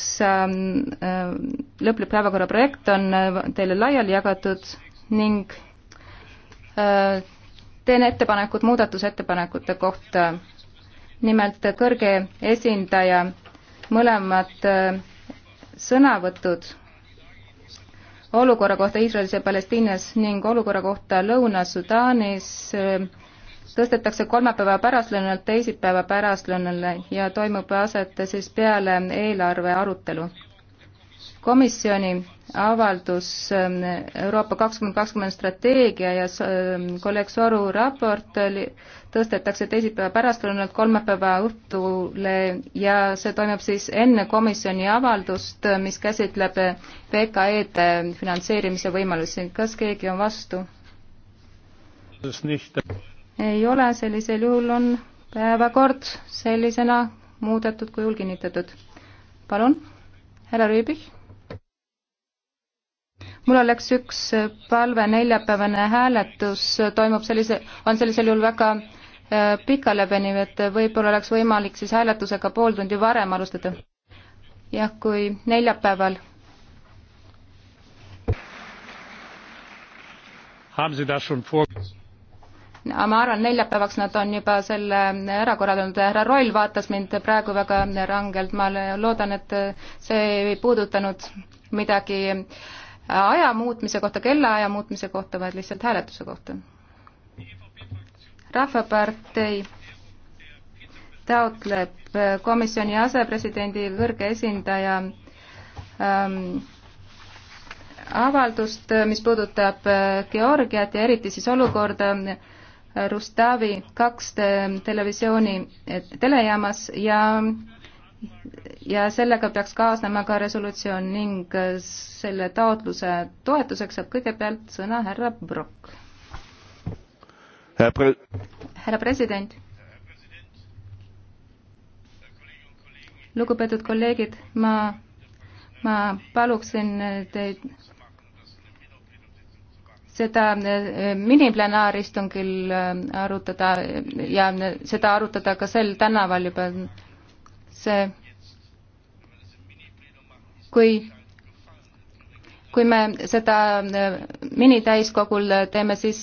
kaks ähm, äh, lõplik päevakorra projekt on äh, teile laiali jagatud ning äh, teen ettepanekud muudatusettepanekute kohta. nimelt kõrge esindaja mõlemad sõnavõtud olukorra kohta Iisraelis ja Palestiinas ning olukorra kohta Lõuna-Sudaanis tõstetakse kolmapäeva pärastlõunalt teisipäeva pärastlõunale ja toimub aset siis peale eelarve arutelu. komisjoni avaldus ähm, Euroopa kakskümmend kakskümmend strateegia ja ähm, kolleeg Soru raport oli, tõstetakse teisipäeva pärastlõunalt kolmapäeva õhtule ja see toimub siis enne komisjoni avaldust, mis käsitleb VKE-de finantseerimise võimalusi. kas keegi on vastu? ei ole, sellisel juhul on päevakord sellisena muudetud kujul kinnitatud. palun, härra Rüübich. mul oleks üks palve, neljapäevane hääletus toimub sellise, on sellisel juhul väga äh, pikale veniv, et võib-olla oleks võimalik siis hääletusega pool tundi varem alustada. jah, kui neljapäeval. Haben Sie das schon vor? ma arvan, neljapäevaks nad on juba selle ära korraldanud, härra Roll vaatas mind praegu väga rangelt, ma loodan, et see ei puudutanud midagi aja muutmise kohta, kellaaja muutmise kohta, vaid lihtsalt hääletuse kohta. rahvapartei taotleb komisjoni asepresidendi kõrge esindaja ähm, avaldust, mis puudutab Georgiat ja eriti siis olukorda äh, Rustavi kaks televisiooni telejaamas ja ja sellega peaks kaasnema ka resolutsioon ning selle taotluse toetuseks saab kõigepealt sõna härra Brock. härra president. lugupeetud kolleegid, ma, ma paluksin teid seda eh, miniplenaaristungil eh, arutada ja eh, seda arutada ka sel tänaval juba, see, kui kui me seda minitäiskogul teeme, siis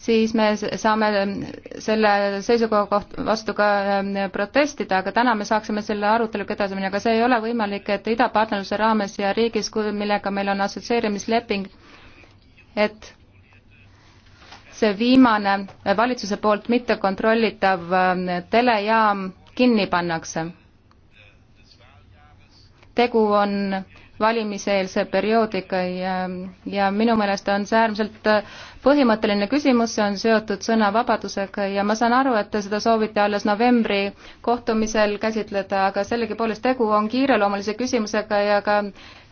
siis me saame selle seisukoha koht-, vastu ka ähm, protestida, aga täna me saaksime selle aruteluga edasi minna, aga see ei ole võimalik, et idapartnerluse raames ja riigis, millega meil on assotsieerimisleping, et see viimane valitsuse poolt mitte kontrollitav ähm, telejaam kinni pannakse. tegu on valimiseelse perioodiga ja, ja minu meelest on see äärmiselt äh, põhimõtteline küsimus, see on seotud sõnavabadusega ja ma saan aru, et te seda soovite alles novembri kohtumisel käsitleda, aga sellegipoolest tegu on kiireloomulise küsimusega ja ka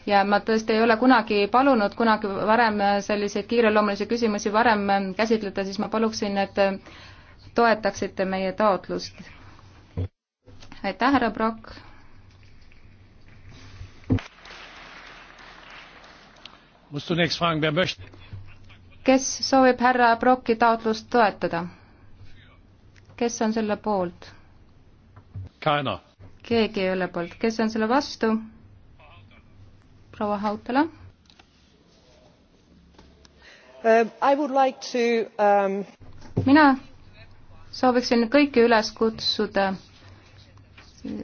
ja ma tõesti ei ole kunagi palunud kunagi varem selliseid kiireloomulisi küsimusi varem käsitleda, siis ma paluksin, et toetaksite meie taotlust. aitäh, härra Brock! kes soovib härra Brocki taotlust toetada? kes on selle poolt? keegi ei ole poolt, kes on selle vastu? proua Hautala um, Like to, um... mina sooviksin kõiki üles kutsuda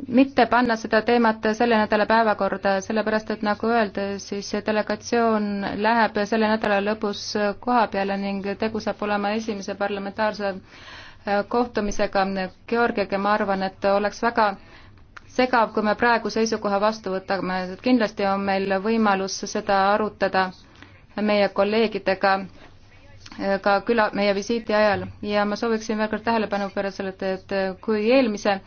mitte panna seda teemat selle nädala päevakorda, sellepärast et nagu öelda, siis delegatsioon läheb selle nädala lõpus koha peale ning tegu saab olema esimese parlamentaarse äh, kohtumisega Georgiaga, ma arvan, et oleks väga segav, kui me praegu seisukoha vastu võtame, et kindlasti on meil võimalus seda arutada meie kolleegidega äh, ka küla, meie visiiti ajal ja ma sooviksin veel kord tähelepanu pöörata sellele, et äh, kui eelmise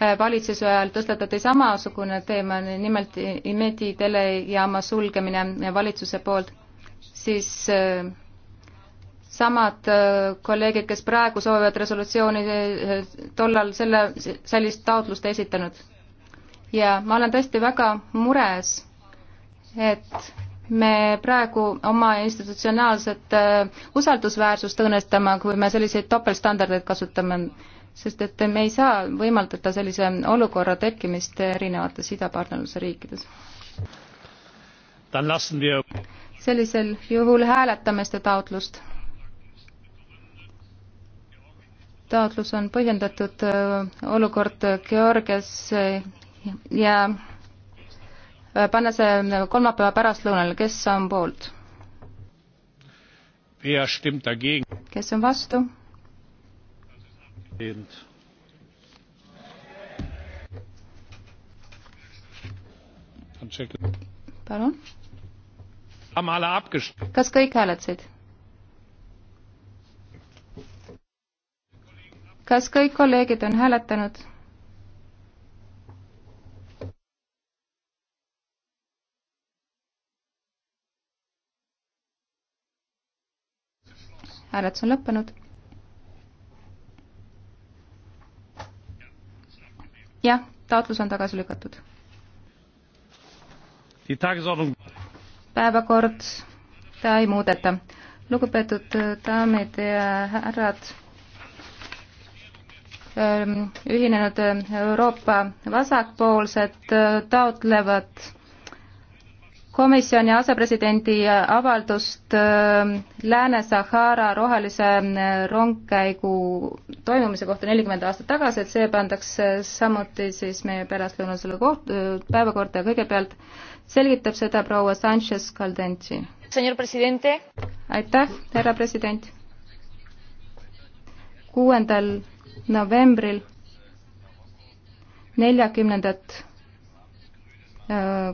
Äh, valitsuse ajal tõstatati samasugune teema, nimelt Imedi telejaama sulgemine valitsuse poolt, siis äh, samad äh, kolleegid, kes praegu soovivad resolutsiooni, tollal selle, sellist taotlust ei esitanud. ja ma olen tõesti väga mures, et me praegu oma institutsionaalset usaldusväärsust õõnestame, kui me selliseid topeltstandardeid kasutame sest et me ei saa võimaldada sellise olukorra tekkimist erinevates idapartnerluse riikides. sellisel juhul hääletame seda taotlust. taotlus on põhjendatud äh, olukord Georgias äh, ja äh, panna see kolmapäeva pärastlõunal, kes on poolt? kes on vastu? palun. kas kõik hääletasid? kas kõik kolleegid on hääletanud? hääletus on lõppenud jah, taotlus on tagasi lükatud. päevakord, ta ei muudeta. lugupeetud äh, daamid ja härrad ähm, ühinenud äh, Euroopa vasakpoolsed äh, taotlevad komisjoni asepresidendi äh, avaldust äh, Lääne-Sahara rohelise äh, rongkäigu toimumise kohta nelikümmend aastat tagasi, et see pandakse samuti siis meie pärastlõunasele koht-, päevakorda ja kõigepealt selgitab seda proua Sanchez Caldenti. aitäh, härra president. kuuendal novembril neljakümnendat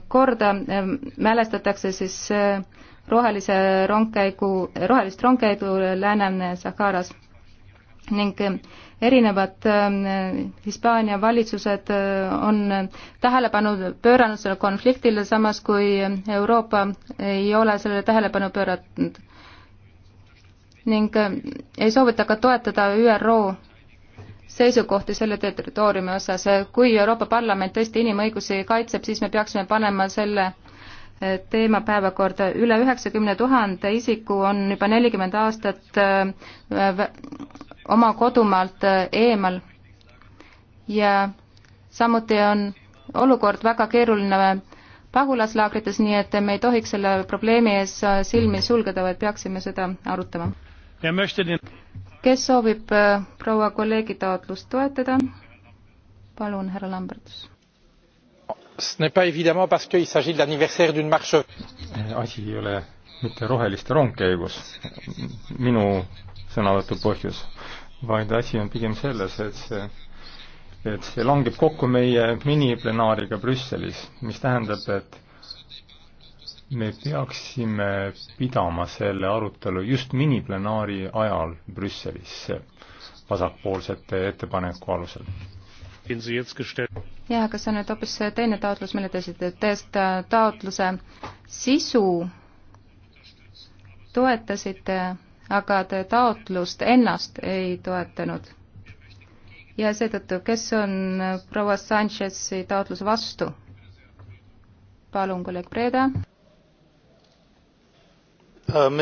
korda ähm, mälestatakse siis äh, rohelise rongkäigu, rohelist rongkäigu Lääne-Saharas ning äh, erinevad ähm, Hispaania valitsused äh, on tähelepanu pööranud sellele konfliktile, samas kui Euroopa ei ole sellele tähelepanu pööranud ning ei soovita ka toetada ÜRO seisukohti selle territooriumi osas. kui Euroopa Parlament tõesti inimõigusi kaitseb, siis me peaksime panema selle eh, teema päevakorda. üle üheksakümne tuhande isiku on juba nelikümmend aastat eh, oma kodumaalt eh, eemal ja samuti on olukord väga keeruline pagulaslaagrites, nii et me ei tohiks selle probleemi ees silmi sulgeda, vaid peaksime seda arutama kes soovib äh, proua kolleegi taotlust toetada? palun, härra Lambertus. Eh, asi ei ole mitte roheliste rongkäigus minu sõnavõtu põhjus, vaid asi on pigem selles, et see et see langeb kokku meie miniplenaariga Brüsselis, mis tähendab, et me peaksime pidama selle arutelu just miniplenaari ajal Brüsselis vasakpoolsete ettepaneku alusel. jah, aga see on nüüd hoopis teine taotlus, mille te esitate, tõest taotluse sisu toetasite, aga te taotlust ennast ei toetanud. ja seetõttu, kes on proua Sanchez'i taotluse vastu? palun, kolleeg Breda. Euh,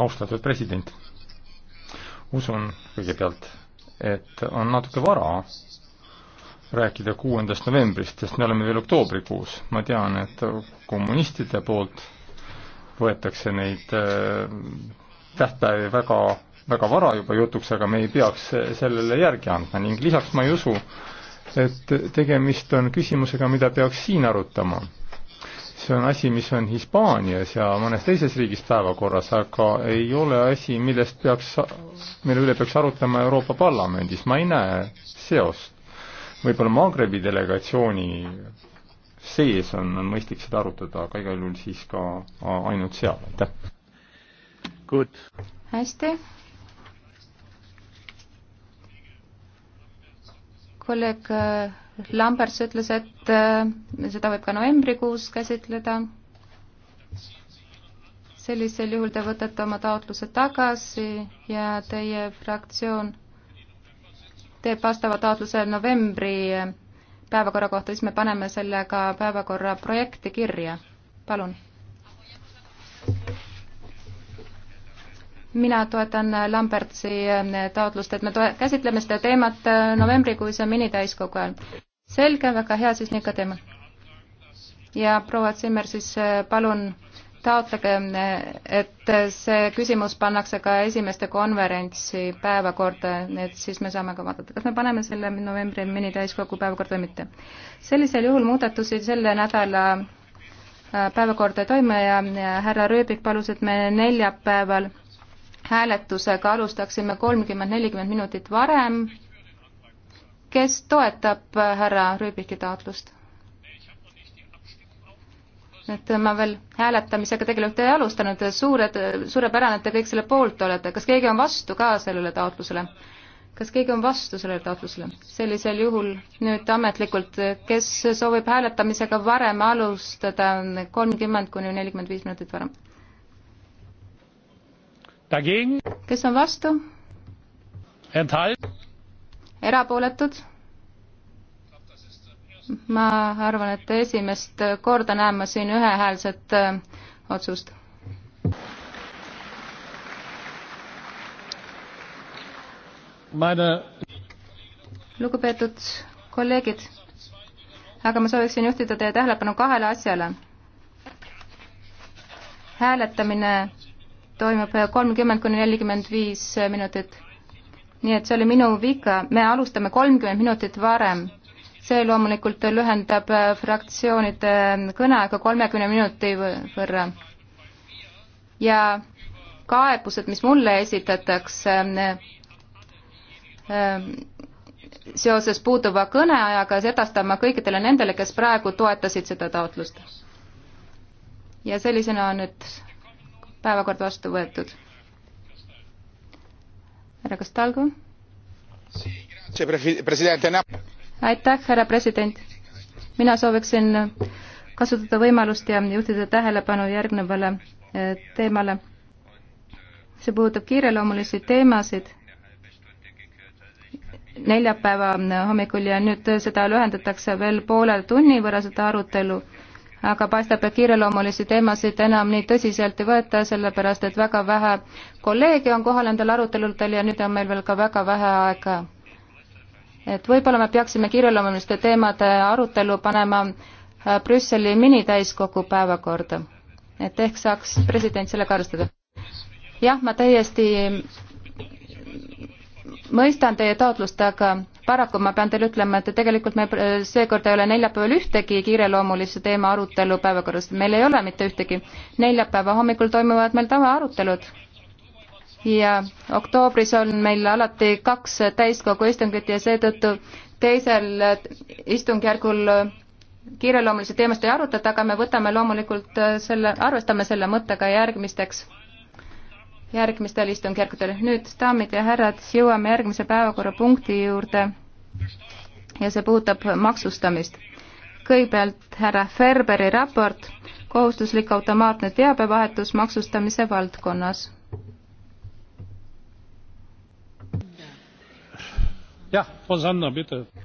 austatud president, usun kõigepealt, et on natuke vara rääkida kuuendast novembrist, sest me oleme veel oktoobrikuus. ma tean, et kommunistide poolt võetakse neid äh, tähtpäevi väga, väga vara juba jutuks, aga me ei peaks sellele järgi andma ning lisaks ma ei usu, et tegemist on küsimusega, mida peaks siin arutama see on asi, mis on Hispaanias ja mõnes teises riigis päevakorras, aga ei ole asi, millest peaks, mille üle peaks arutama Euroopa Parlamendis, ma ei näe seost. võib-olla Maagrebi delegatsiooni sees on, on mõistlik seda arutada, aga igal juhul siis ka ainult seal, aitäh. hästi. kolleeg äh, Lambers ütles, et äh, seda võib ka novembrikuus käsitleda. sellisel juhul te võtate oma taotluse tagasi ja teie fraktsioon teeb vastava taotluse novembri äh, päevakorra kohta, siis me paneme selle ka päevakorra projekti kirja. palun. mina toetan äh, Lambertsi taotlust, et me toe-, käsitleme seda teemat novembrikuise minitäiskogu ajal selge, väga hea, siis nii ka teeme. ja proua Zimmer, siis äh, palun taotlege, äh, et äh, see küsimus pannakse ka esimeste konverentsi päevakorda, et siis me saame ka vaadata, kas me paneme selle novembri mini täiskogu päevakorda või mitte. sellisel juhul muudatusi selle nädala päevakorda ei toimu ja härra Rööbik palus, et me neljapäeval hääletusega alustaksime kolmkümmend, nelikümmend minutit varem kes toetab härra Rüübiki taotlust? et ma veel hääletamisega tegelikult ei alustanud, suured, suurepärane, et te kõik selle poolt olete, kas keegi on vastu ka sellele taotlusele? kas keegi on vastu sellele taotlusele? sellisel juhul nüüd ametlikult, kes soovib hääletamisega varem alustada, kolmkümmend kuni nelikümmend viis minutit varem. kes on vastu? erapooletud? ma arvan, et esimest korda näen ma siin ühehäälset äh, otsust. lugupeetud kolleegid, aga ma sooviksin juhtida teie tähelepanu kahele asjale. hääletamine toimub kolmkümmend kuni nelikümmend viis minutit nii et see oli minu viga, me alustame kolmkümmend minutit varem. see loomulikult lühendab äh, fraktsioonide äh, kõneaega kolmekümne minuti võrra. ja kaebused, mis mulle esitatakse äh, seoses puuduva kõneajaga, sedastan ma kõikidele nendele, kes praegu toetasid seda taotlust. ja sellisena on nüüd päevakord vastu võetud härra Castalgo. aitäh, härra president. mina sooviksin kasutada võimalust ja juhtida tähelepanu järgnevale eh, teemale. see puudutab kiireloomulisi teemasid neljapäeva hommikul ja nüüd seda lühendatakse veel poole tunni võrra, seda arutelu aga paistab, et kiireloomulisi teemasid enam nii tõsiselt ei võeta, sellepärast et väga vähe kolleege on kohal nendel aruteludel ja nüüd on meil veel ka väga vähe aega. et võib-olla me peaksime kiireloomuliste teemade arutelu panema äh, Brüsseli minitäiskogu päevakorda, et ehk saaks president sellega arvestada. jah, ma täiesti mõistan teie taotlust, aga paraku ma pean teile ütlema, et tegelikult me seekord ei ole neljapäeval ühtegi kiireloomulise teema arutelu päevakorras, meil ei ole mitte ühtegi. neljapäeva hommikul toimuvad meil tavaarutelud ja oktoobris on meil alati kaks täiskogu istungit ja seetõttu teisel istungjärgul kiireloomulisi teemasid ei arutata, aga me võtame loomulikult selle, arvestame selle mõttega järgmisteks järgmistel istungjärkudel. nüüd, daamid ja härrad, jõuame järgmise päevakorrapunkti juurde ja see puudutab maksustamist. kõigepealt härra Ferberi raport, kohustuslik automaatne teabevahetus maksustamise valdkonnas. jah,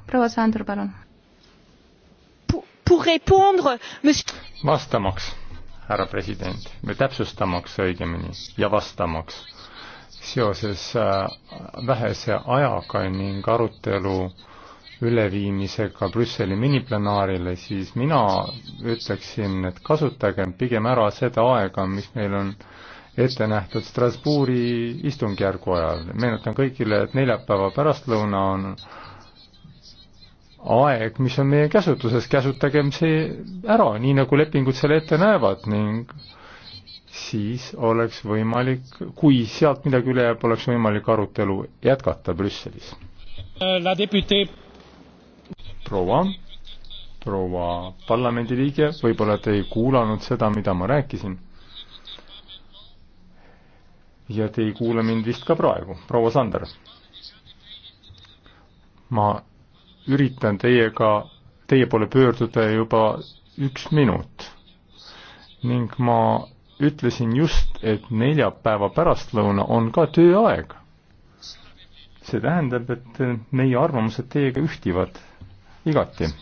proua Sandur, palun. vastamaks härra president, või täpsustamaks õigemini ja vastamaks seoses äh, vähese ajaga ning arutelu üleviimisega Brüsseli miniplenaarile, siis mina ütleksin, et kasutagem pigem ära seda aega, mis meil on ette nähtud Strasbourgi istungjärgu ajal. meenutan kõigile, et neljapäeva pärastlõuna on aeg, mis on meie käsutuses, käsutagem see ära, nii nagu lepingud selle ette näevad ning siis oleks võimalik, kui sealt midagi üle jääb, oleks võimalik arutelu jätkata Brüsselis. proua, proua parlamendiliige, võib-olla te ei kuulanud seda, mida ma rääkisin. ja te ei kuula mind vist ka praegu, proua Sander. ma üritan teiega, teie poole pöörduda juba üks minut. ning ma ütlesin just, et neljapäeva pärastlõuna on ka tööaeg. see tähendab, et meie arvamused teiega ühtivad igati